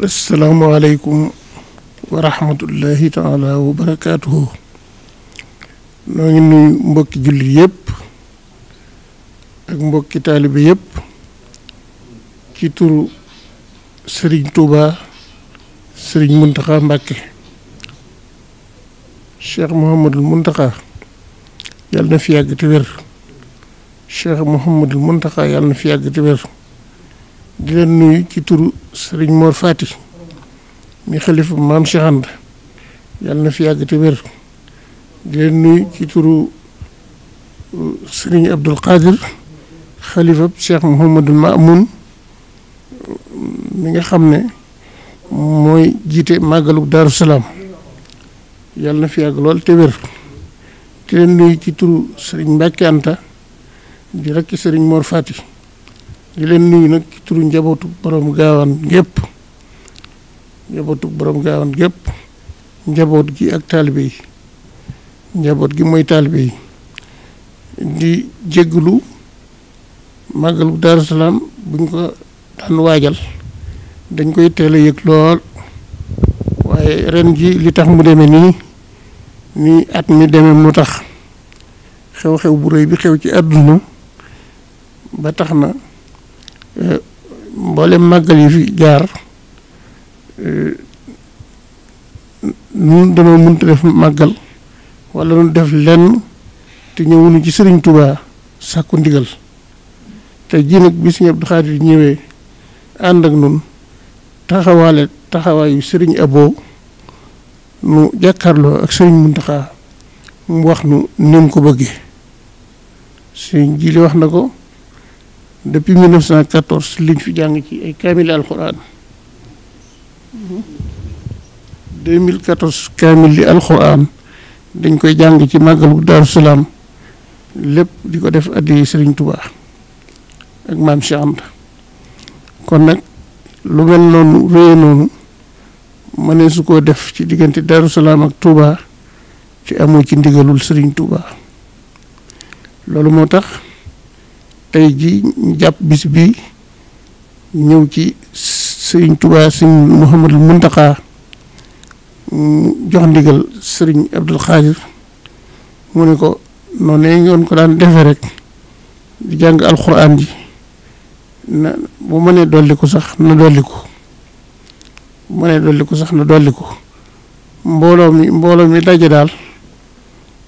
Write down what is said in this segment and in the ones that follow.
asalaamaaleykum wa rahmatullahi taala wa barakaatuhu noo ngi nuyu mbokki jullit yëpp ak mbokki taalibe yëpp ci turu Serigne Touba Serigne Mountakha Mbacké Cheikh Mouhamadul Mountakha yàlla na fi yàgg te wér Cheikh Mouhamadul Mountakha yàlla na fi yàgg te wér. di leen nuyu ci turu sëriñ Mor Fati mi xalifa maam Cheikh Anta na fi yàgg te wér di leen nuyu ci turu uh, sëriñ Abdul Qadir xalifab Cheikh Mouhamadul Maamoun mi nga xam ne mooy jiite màggalu Daaru Salaam yàlla na fi yàgg lool te wér di leen nuyu ci turu sëriñ Mbàkke Anta di rakki sëriñ Mor Fati di leen nuyu nag ci turu njabootu borom gaawaan gépp njabootu borom gaawaan gépp njaboot gi ak taalibe yi njaboot gi mooy taalibe yi di jégglu màggalu Daaru Salaam buñ ko daan waajal dañ koy teel yëg lool waaye ren ji li tax mu demee nii nii at mi demee mu tax xew-xew bu rëy bi xew ci àdduna ba tax na Euh, mboolem màggal yi fi jaar euh, nun dama mënta def màggal wala nu def lenn te ñëwunu ci sëriñ Touba sàkku ndigal te ji nag bi Sëriñ Abdou Khadir ñëwee ànd ak nun taxawaale taxawaayu sëriñ Abo nu jàkkaarloo ak sëriñ Muntaxa mu wax nu ni ko bëggee sëriñ ji li wax na ko depuis 1914 liñ fi jàng ci ay kaamil alxuraan 2014 kaamil li alxuraan dañ koy jàng ci màggalu Daaru Salaam lépp di ko def addi sëriñ Touba ak maam Cheikh kon nag lu mel noonu réye noonu mënee su koo def ci diggante Daaru Salaam ak Touba ci amoo ci ndigalul sëriñ Touba loolu moo tax. tey ji ñu jàpp bis bi ñëw ci sëriñ Tuubaa sëriñ Muhammadul Muntaxaa jox ndigal sëriñ Abdul Xaadir mu ne ko noonu yoon ko daan defee rek di jàng alxuraan ji na bu mënee dolli ko sax na dolli ko bu mënee dolli ko sax na dolli ko mbooloo mi mbooloo mi daje daal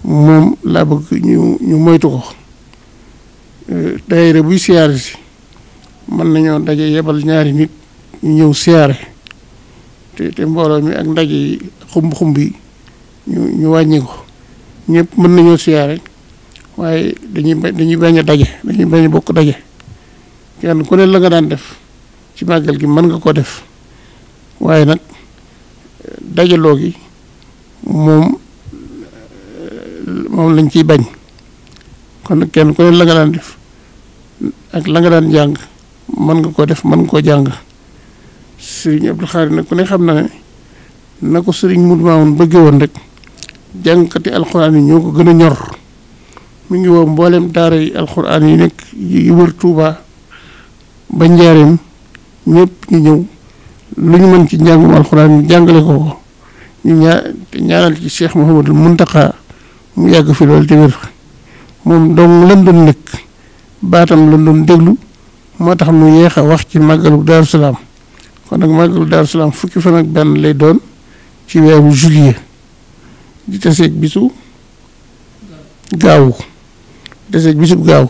moom laa bëgg ñu ñu moytu ko daayira buy siyaare si mën nañoo daje yebal ñaari nit ñu ñëw siyaare te te mbooloo mi ak ndaje yi xumb-xumb yi ñu ñu wàññi ko ñëpp mën nañoo siyaare waaye dañuy dañuy bañ a daje dañuy bañ bokk daje kenn ku ne la nga daan def ci màggal gi mën nga ko def waaye nag dajaloo gi moom moom lañ ciy bañ kon kenn ku ne la nga daan def ak la nga daan jàng mën nga ko def mën nga ko jàng sëriñ Abdou Khadre nag ku ne xam na ne na ko sëriñ Modou Mamoune bëggee woon rek jàngkati alxuraan yi ñoo ko gën a ñor mu ngi woo mboolem daara yi alxuraan yi nekk yi wër Touba ba njaareem ñëpp ñu ñëw lu ñu mën ci njàngum alxuraan ñu jàngale ko ko ñu ñaa ñaanal ci Cheikh Mouhamadul Mountakha mu yàgg fi loolu te wér moom dong lan doon nekk baatam la doon déglu moo tax mu yéex wax ci màggalu Daaru Salaam kon nag màggalu Daaru Salaam fukki fan ak benn lay doon ci weeru juillet di taseeg bisu gaawu taseeg bisu gaawu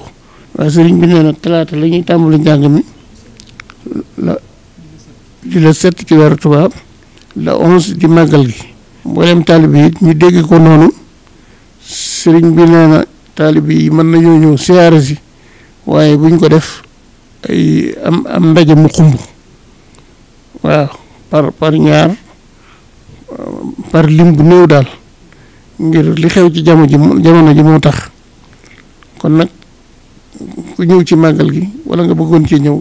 waaye sëriñ bi nee talaata la ñuy tàmbali njàng mi la di la sept ci weeru tubaab la onze di màggal gi mboolem taalib yi ñu dégg ko noonu sëriñ bi nee taalib yi mën nañoo ñëw siyaare si waaye buñ ko def ay am am ndaje mu xumb waaw par par ñaar par lim bu néew daal ngir li xew ci jamono ji jamono ji moo tax kon nag ku ñëw ci màggal gi wala nga bëggoon ci ñëw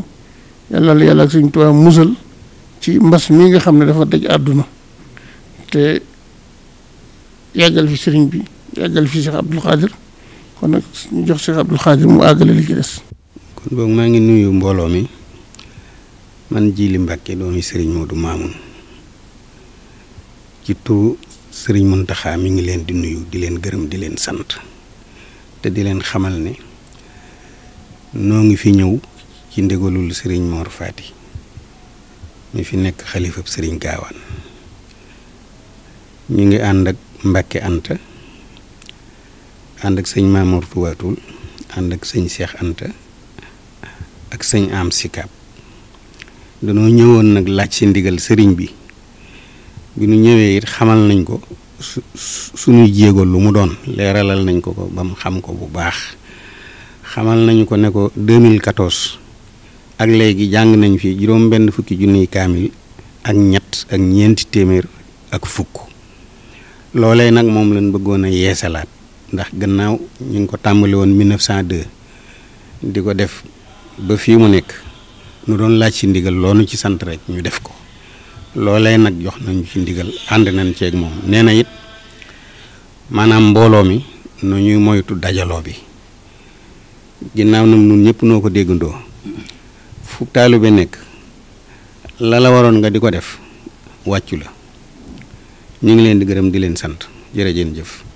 yàlla la suñu tubaab musal ci mbas mi nga xam ne dafa daj àdduna te yàggal fi sëriñ bi yàggal fi Cheikh Abdoul Khadir kon nag jox Cheikh ngi nuyu mbooloo mi man Jili Mbàkke doomi Serigne Modou Mamoun ci turu Serigne Mountakha mi ngi leen di nuyu di leen gërëm di leen sant te di leen xamal ne noo ngi fi ñëw ci ndégalul sëriñ Mor Fati mi fi nekk xalifab sëriñ Gaawaan ñu ngi ànd ak Mbàkke Anta. ànd ak sëñ Mamour Tuwaatul ànd ak sëñ Cheikh Anta ak sëñ Am Sikab danoo ñëwoon nag laaj si ndigal sëriñ bi bi nu ñëwee it xamal nañ ko su suñuy jéego lu mu doon leeralal nañ ko ko ba mu xam ko bu baax xamal nañu ko ne ko 2014 ak léegi jàng nañ fi juróom benn fukki kaamil ak ñett ak ñeenti téeméer ak fukk loolee nag moom lan bëggoon a yeesalaat ndax gannaaw ñu ngi ko tàmbali woon de di ko def ba fi mu nekk nu doon laaj si ndigal loonu ci sant rek ñu def ko loolee nag jox nañu ci ndigal ànd nañ ceeg moom nee na it maanaam mbooloo mi nu ñuy moytu dajaloo bi ginnaaw na nun ñëpp noo ko déggandoo fu taalibe nekk la la waroon nga di ko def wàccu la ñu ngi leen di gërëm di leen sant jëf